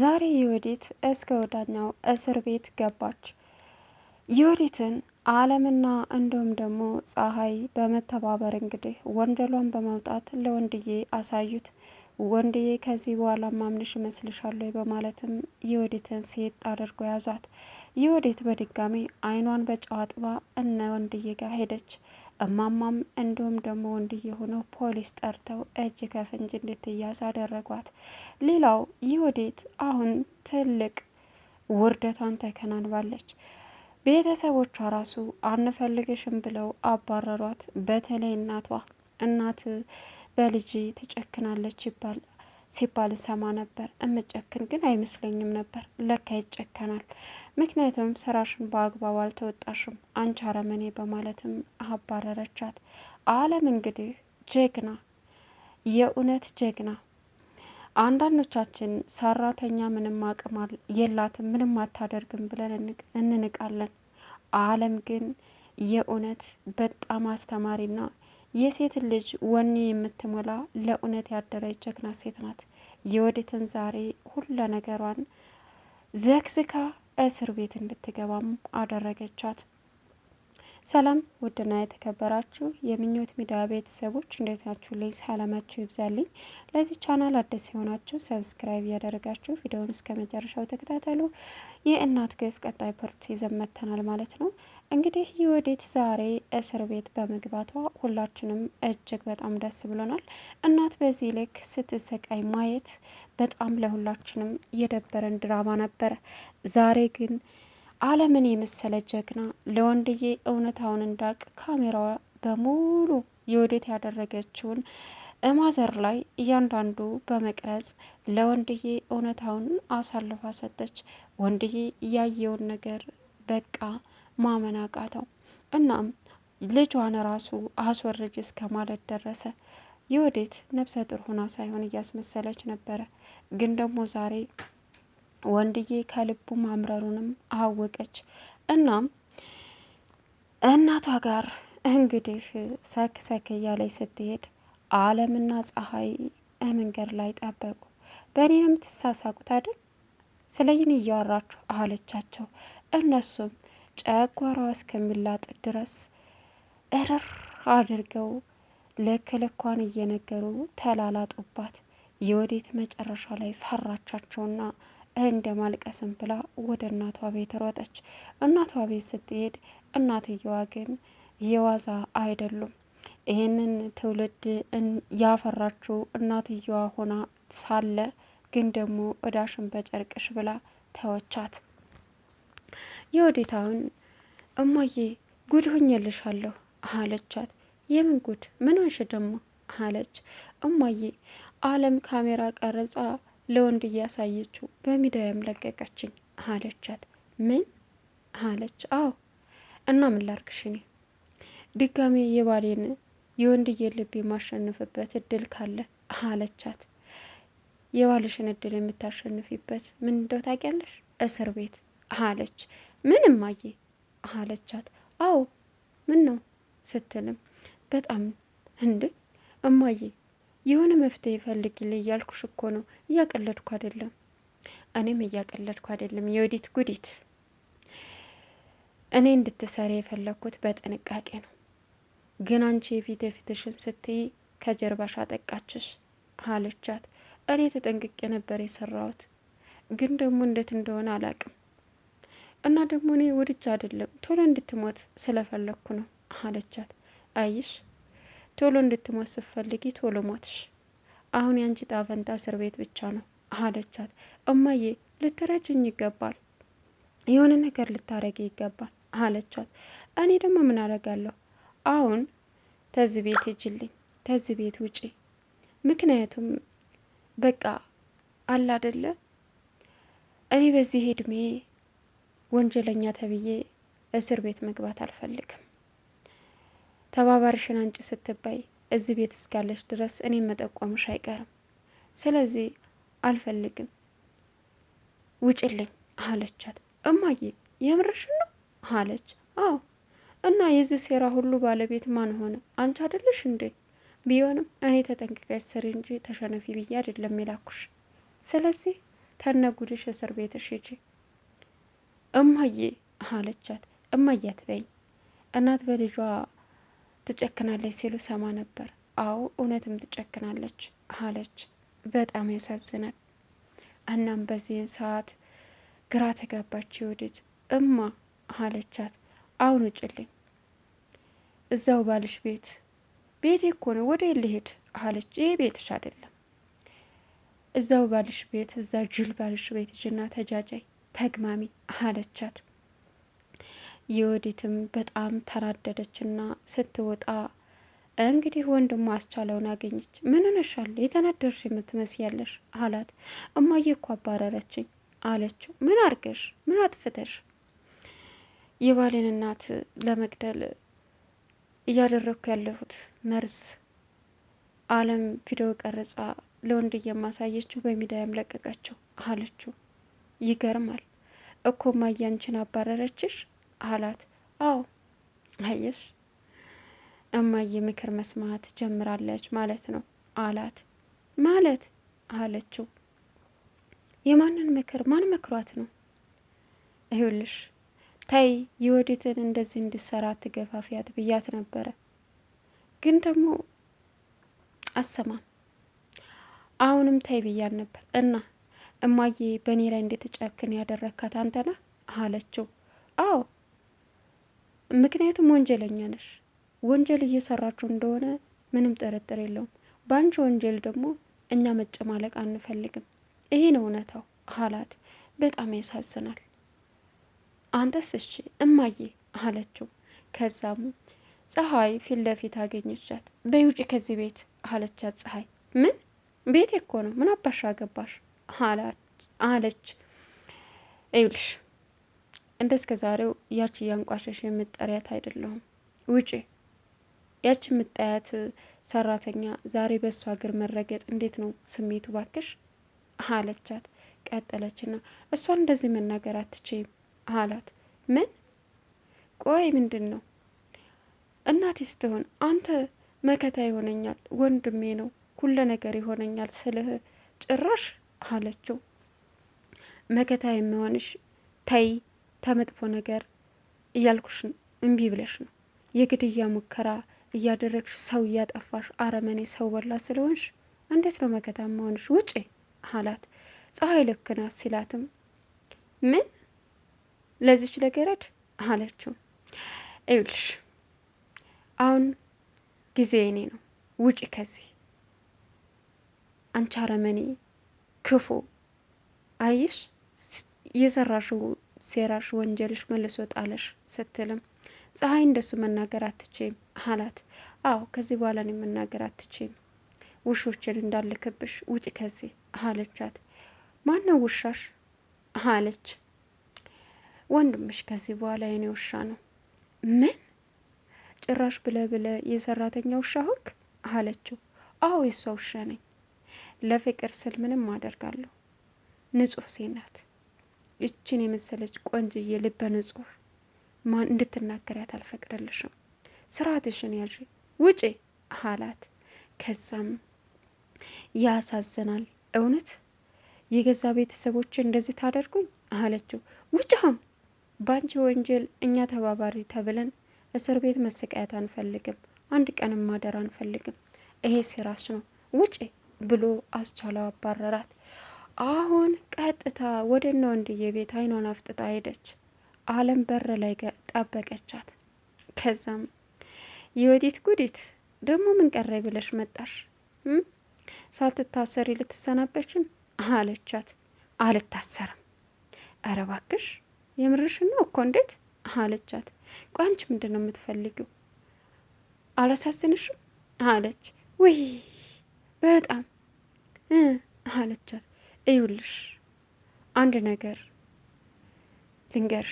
ዛሬ ዩዲት እስከ ወዳኛው እስር ቤት ገባች። ዩዲትን አለምና እንዲሁም ደግሞ ፀሐይ በመተባበር እንግዲህ ወንጀሏን በማውጣት ለወንድዬ አሳዩት። ወንድዬ ከዚህ በኋላ ማምንሽ ይመስልሻለሁ በማለትም ዩዲትን ሴት አድርጎ ያዟት። ዩዲት በድጋሚ አይኗን በጨዋጥባ እነ ወንድዬ ጋር ሄደች። እማማም እንዲሁም ደግሞ ወንድ የሆነው ፖሊስ ጠርተው እጅ ከፍንጅ እንድትያዝ አደረጓት። ሌላው ይሁዲት አሁን ትልቅ ውርደቷን ተከናንባለች። ቤተሰቦቿ ራሱ አንፈልግሽም ብለው አባረሯት። በተለይ እናቷ እናት በልጅ ትጨክናለች ይባል ሲባል ሰማ ነበር። እምጨክን ግን አይመስለኝም ነበር። ለካ ይጨከናል። ምክንያቱም ስራሽን በአግባቡ አልተወጣሽም አንቺ አረመኔ በማለትም አባረረቻት። አለም እንግዲህ ጀግና፣ የእውነት ጀግና። አንዳንዶቻችን ሰራተኛ ምንም አቅም የላትም ምንም አታደርግም ብለን እንንቃለን። አለም ግን የእውነት በጣም አስተማሪና የሴት ልጅ ወኔ የምትሞላ ለእውነት ያደረች ጀግና ሴት ናት። የወዲትን ዛሬ ሁሉ ነገሯን ዘክዝካ እስር ቤት እንድትገባም አደረገቻት። ሰላም ውድና የተከበራችሁ የምኞት ሚዲያ ቤተሰቦች እንዴት ናችሁ? ልኝ ሰላማችሁ ይብዛልኝ። ለዚህ ቻናል አዲስ የሆናችሁ ሰብስክራይብ እያደረጋችሁ ቪዲዮውን እስከ መጨረሻው ተከታተሉ። የእናት ግፍ ቀጣይ ፓርት ይዘን መጥተናል ማለት ነው። እንግዲህ ዩወዲት ዛሬ እስር ቤት በመግባቷ ሁላችንም እጅግ በጣም ደስ ብሎናል። እናት በዚህ ልክ ስትሰቃይ ማየት በጣም ለሁላችንም የደበረን ድራማ ነበረ። ዛሬ ግን አለምን የመሰለ ጀግና ለወንድዬ እውነታውን እንዳቅ ካሜራዋ በሙሉ የወዴት ያደረገችውን እማዘር ላይ እያንዳንዱ በመቅረጽ ለወንድዬ እውነታውን አሳልፋ ሰጠች። ወንድዬ ያየውን ነገር በቃ ማመን አቃተው። እናም ልጇን ራሱ አስወርጅ እስከ ማለት ደረሰ። የወዴት ነፍሰ ጡር ሆና ሳይሆን እያስመሰለች ነበረ። ግን ደግሞ ዛሬ ወንድዬ ከልቡ ማምረሩንም አወቀች። እናም እናቷ ጋር እንግዲህ ሰክ ሰክ እያለች ስትሄድ አለምና ፀሐይ መንገድ ላይ ጠበቁ። በእኔ ነው የምትሳሳቁት አይደል? ስለይን እያወራችሁ አለቻቸው። እነሱም ጨጓራዋ እስከሚላጥ ድረስ እርር አድርገው ልክ ልኳን እየነገሩ ተላላጡባት። የወዴት መጨረሻ ላይ ፈራቻቸውና እንደ ማልቀስም ብላ ወደ እናቷ ቤት ሮጠች። እናቷ ቤት ስትሄድ እናትየዋ ግን የዋዛ አይደሉም። ይህንን ትውልድ ያፈራችው እናትየዋ ሆና ሳለ ግን ደግሞ እዳሽን በጨርቅሽ ብላ ተወቻት። የወዴታውን እማዬ ጉድ ሆኜልሻለሁ አለቻት። የምን ጉድ ምን ሆንሽ ደግሞ አለች። እማዬ አለም ካሜራ ቀረጻ ለወንድ እያሳየችው በሚዲያም ለቀቀችኝ አለቻት። ምን አለች? አዎ እና ምን ላርግሽ? እኔ ድጋሜ የባሌን የወንድዬን ልብ የማሸንፍበት እድል ካለ አለቻት። የባልሽን እድል የምታሸንፊበት ምን እንደው ታውቂያለሽ? እስር ቤት አለች። ምንም አየ አለቻት። አዎ ምን ነው ስትልም በጣም እንድ እማዬ የሆነ መፍትሄ ፈልግልኝ እያልኩሽ እኮ ነው። እያቀለድኩ አይደለም። እኔም እያቀለድኩ አይደለም። የወዲት ጉዲት እኔ እንድትሰሪ የፈለግኩት በጥንቃቄ ነው። ግን አንቺ የፊት የፊትሽን ስትይ ከጀርባሽ አጠቃችሽ አለቻት። እኔ ተጠንቅቄ ነበር የሰራሁት፣ ግን ደግሞ እንዴት እንደሆነ አላቅም እና ደግሞ እኔ ውድጅ አይደለም ቶሎ እንድትሞት ስለፈለግኩ ነው አለቻት። አይሽ ቶሎ እንድትሞት ስትፈልጊ ቶሎ ሞትሽ። አሁን ያንቺ ዕጣ እስር ቤት ብቻ ነው አለቻት። እማዬ ልትረጅኝ ይገባል፣ የሆነ ነገር ልታረጊ ይገባል አለቻት። እኔ ደግሞ ምን አረጋለሁ? አሁን ተዚህ ቤት ሂጂልኝ፣ ተዚህ ቤት ውጪ። ምክንያቱም በቃ አላደለ እኔ በዚህ እድሜ ወንጀለኛ ተብዬ እስር ቤት መግባት አልፈልግም። ተባባሪሽን አንጭ ስትባይ እዚህ ቤት እስካለች ድረስ እኔም መጠቆምሽ አይቀርም። ስለዚህ አልፈልግም፣ ውጭልኝ አለቻት። እማዬ የምርሽ ነው አለች። አዎ እና የዚህ ሴራ ሁሉ ባለቤት ማን ሆነ? አንቺ አይደለሽ እንዴ? ቢሆንም እኔ ተጠንቅቀሽ ስሪ እንጂ ተሸነፊ ብዬ አይደለም የላኩሽ። ስለዚህ ተነጉድሽ እስር ቤትሽ ሂጂ። እማዬ አለቻት። እማዬ አትበይኝ፣ እናት በልጇ ትጨክናለች ሲሉ ሰማ ነበር። አዎ እውነትም ትጨክናለች አለች። በጣም ያሳዝናል። እናም በዚህን ሰዓት ግራ ተጋባች ይወድድ እማ አለቻት፣ አሁን ውጭልኝ እዛው ባልሽ ቤት ቤቴ እኮ ነው ወደ ልሄድ አለች። ይህ ቤትሽ አይደለም እዛው ባልሽ ቤት እዛ ጅል ባልሽ ቤት ጅና ተጃጃይ ተግማሚ አለቻት። የወዲትም በጣም ተናደደችና ስትወጣ እንግዲህ ወንድሟ አስቻለውን አገኘች። ምን ነሻል የተናደርሽ የምትመስያለሽ አላት። እማዬ እኮ አባረረችኝ አለችው። ምን አርገሽ ምን አጥፍተሽ? የባሌን እናት ለመግደል እያደረግኩ ያለሁት መርዝ አለም ቪዲዮ ቀረጻ ለወንድ ማሳየችው በሚዲያም ለቀቀችው አለችው። ይገርማል እኮ እማዬ አንቺን አባረረችሽ አላት። አዎ አየሽ እማዬ ምክር መስማት ጀምራለች ማለት ነው አላት። ማለት አለችው። የማንን ምክር ማን መክሯት ነው? ይኸውልሽ ታይ የወዲትን እንደዚህ እንድሰራ ትገፋፊያት ብያት ነበረ፣ ግን ደግሞ አሰማም። አሁንም ታይ ብያን ነበር እና እማዬ በእኔ ላይ እንደተጨክን ያደረካት አንተና አለችው። አዎ ምክንያቱም ወንጀለኛ ነሽ። ወንጀል እየሰራችሁ እንደሆነ ምንም ጥርጥር የለውም። በአንቺ ወንጀል ደግሞ እኛ መጨማለቅ አንፈልግም። ይሄ ነው እውነታው አላት። በጣም ያሳዝናል። አንተስ? እሺ እማዬ አለችው። ከዛም ፀሐይ ፊት ለፊት አገኘቻት። በይ ውጪ ከዚህ ቤት አለቻት። ፀሐይ ምን ቤት እኮ ነው ምን አባሻ ገባሽ አለች። ይኸውልሽ እንደ እስከ ዛሬው ያች እያንቋሸሽ የምጠሪያት አይደለሁም። ውጪ ያች ምጣያት ሰራተኛ ዛሬ በእሷ እግር መረገጥ እንዴት ነው ስሜቱ ባክሽ? አለቻት። ቀጠለችና እሷን እንደዚህ መናገር አትችይም አላት። ምን ቆይ ምንድን ነው እናቴ ስትሆን አንተ መከታ ይሆነኛል፣ ወንድሜ ነው፣ ሁለ ነገር ይሆነኛል ስልህ ጭራሽ አለችው። መከታ የሚሆንሽ ተይ ተመጥፎ ነገር እያልኩሽ እምቢ ብለሽ ነው የግድያ ሙከራ እያደረግሽ ሰው እያጠፋሽ አረመኔ ሰው በላ ስለሆንሽ እንዴት ነው መከታም መሆንሽ? ውጪ አላት። ፀሐይ ልክ ናት ሲላትም ምን ለዚች ለገረድ አለችው። ይኸውልሽ አሁን ጊዜ እኔ ነው፣ ውጪ ከዚህ አንቺ አረመኔ ክፉ አይሽ የሰራሽው ሴራሽ፣ ወንጀልሽ መልሶ ጣለሽ ስትልም ፀሐይ እንደሱ መናገር አትችም አላት። አዎ ከዚህ በኋላ ነው መናገር አትችም፣ ውሾችን እንዳልክብሽ ውጭ ከዚህ አለቻት። ማነው ውሻሽ አለች። ወንድምሽ ከዚህ በኋላ የኔ ውሻ ነው። ምን ጭራሽ ብለ ብለ የሰራተኛ ውሻ ሆንክ አለችው። አዎ የሷ ውሻ ነኝ። ለፍቅር ስል ምንም አደርጋለሁ። ንጹህ ሴት ናት። እችን የመሰለች ቆንጅዬ ልበ ንጹህ ማን እንድትናገሪያት አልፈቅደልሽም። ስርዓትሽን ያዥ ውጪ አላት። ከዛም ያሳዝናል፣ እውነት የገዛ ቤተሰቦች እንደዚህ ታደርጉኝ አለችው። ውጭ አሁን በአንቺ ወንጀል እኛ ተባባሪ ተብለን እስር ቤት መሰቃየት አንፈልግም፣ አንድ ቀንም ማደር አንፈልግም። ይሄ ሴራሽ ነው ውጪ ብሎ አስቻለው አባረራት። አሁን ቀጥታ ወደ እነ ወንድዬ ቤት አይኗን አፍጥጣ ሄደች። አለም በር ላይ ጠበቀቻት። ከዛም የወዲት ጉዲት ደግሞ ምን ቀረ ብለሽ መጣሽ? ሳትታሰሪ ልትሰናበችን አለቻት። አልታሰርም። አረ እባክሽ የምርሽን ነው እኮ እንዴት አለቻት። ቋንች አንቺ ምንድን ነው የምትፈልጊው? አላሳዝንሽም አለች። ውይ በጣም አለቻት። እዩልሽ አንድ ነገር ልንገርሽ፣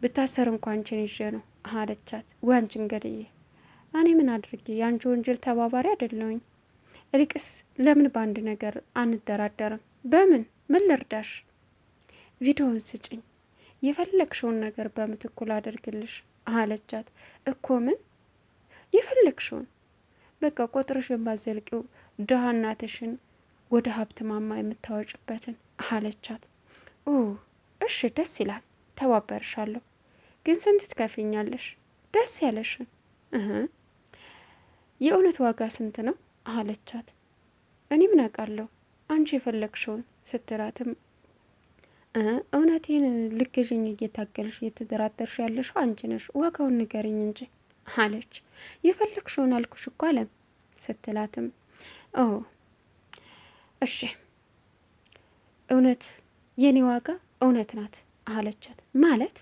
ብታሰር እንኳ አንቺን ይዤ ነው አለቻት። ወይ አንቺን ገድዬ እኔ ምን አድርጌ? የአንቺ ወንጀል ተባባሪ አይደለሁኝ። እልቅስ ለምን በአንድ ነገር አንደራደርም? በምን ምን ልርዳሽ? ቪዲዮውን ስጭኝ፣ የፈለግሽውን ነገር በምትኩል አድርግልሽ አለቻት። እኮ ምን የፈለግሽውን? በቃ ቆጥረሽ የማዘልቂው ድሃ እናትሽን ወደ ሀብት ማማ የምታወጭበትን አለቻት። እሺ ደስ ይላል፣ ተባበርሻለሁ። ግን ስንት ትከፍኛለሽ? ደስ ያለሽን የእውነት ዋጋ ስንት ነው አለቻት። እኔ ምን አውቃለሁ አንቺ የፈለግሽውን ስትላትም እውነቴን ልክዥኝ እየታገልሽ እየተደራደርሽ ያለሽ አንቺ ነሽ፣ ዋጋውን ንገርኝ እንጂ አለች። የፈለግሽውን አልኩሽ እኮ አለም ስትላትም እሺ እውነት የኔ ዋጋ እውነት ናት አለቻት። ማለት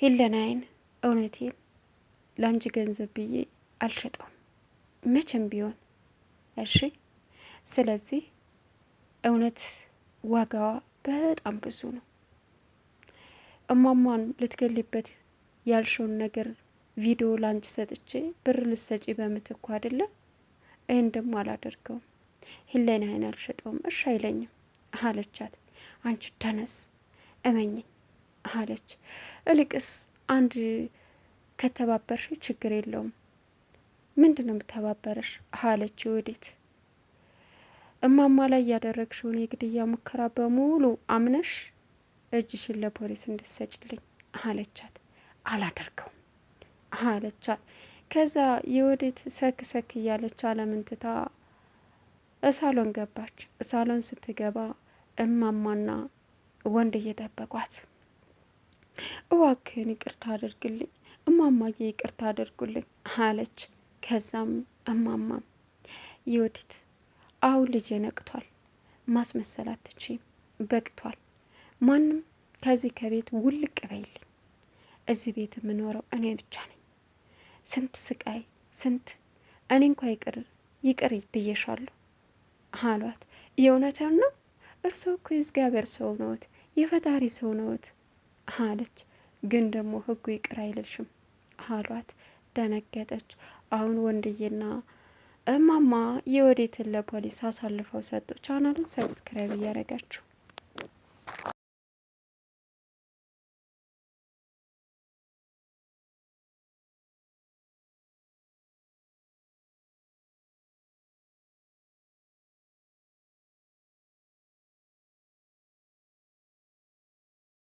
ሂለናይን እውነቴን ለአንቺ ገንዘብ ብዬ አልሸጠውም መቼም ቢሆን እሺ። ስለዚህ እውነት ዋጋዋ በጣም ብዙ ነው። እማሟን ልትገልበት ያልሽውን ነገር ቪዲዮ ላንቺ ሰጥቼ ብር ልሰጪ በምትኩ አይደለም። ይህን ደግሞ አላደርገውም ህሊናዬን አልሸጠውም፣ እሺ አይለኝም አለቻት። አንቺ ተነስ እመኝኝ አለች። እልቅስ አንድ ከተባበርሽ ችግር የለውም ምንድን ነው የምተባበረሽ አለች ወዲት እማማ ላይ ያደረግሽውን የግድያ ሙከራ በሙሉ አምነሽ እጅሽን ለፖሊስ እንድትሰጭልኝ አለቻት። አላደርገውም አለቻት። ከዛ የወዴት ሰክ ሰክ እያለች አለምንትታ እሳሎን ገባች። እሳሎን ስትገባ እማማና ወንድ እየጠበቋት እዋክን ይቅርታ አድርግልኝ እማማዬ ይቅርታ አድርጉልኝ አለች። ከዛም እማማም ይወዲት አሁን ልጅ ነቅቷል፣ ማስመሰል አትችይም፣ በቅቷል። ማንም ከዚህ ከቤት ውልቅ በይልኝ። እዚህ ቤት የምኖረው እኔ ብቻ ነኝ። ስንት ስቃይ ስንት እኔ እንኳ ይቅር ይቅር ብዬሻለሁ አሏት። የእውነትም ነው እርስዎ እኮ የእግዚአብሔር ሰው ነዎት፣ የፈጣሪ ሰው ነዎት አለች። ግን ደግሞ ህጉ ይቅር አይልሽም አሏት። ደነገጠች። አሁን ወንድዬና እማማ የወዴትን ለፖሊስ አሳልፈው ሰጡ። ቻናሉን ሰብስክራይብ እያደረጋችሁ